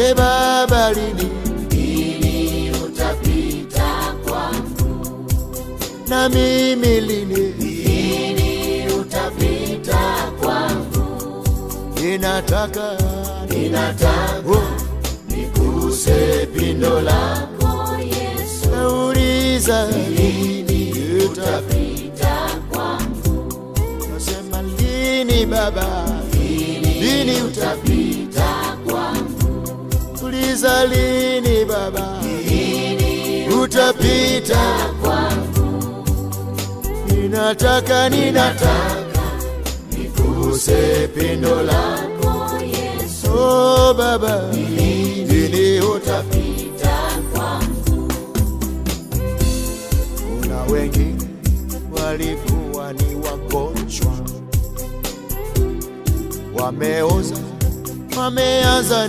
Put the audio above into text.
Beba baridi ili utapita kwangu, na mimi lini ili utapita kwangu. Ninataka ninataka oh, nikuse pindo lako Yesu, nauliza lini utapita kwangu, nasema lini Baba, lini utapita Uliuliza lini Baba, utapita kwangu? Ninataka, ninataka niguse pendo lako Yesu. Oh Baba, lini utapita kwangu? Kuna wengi walikuwa ni wagonjwa, wameoza, wameanza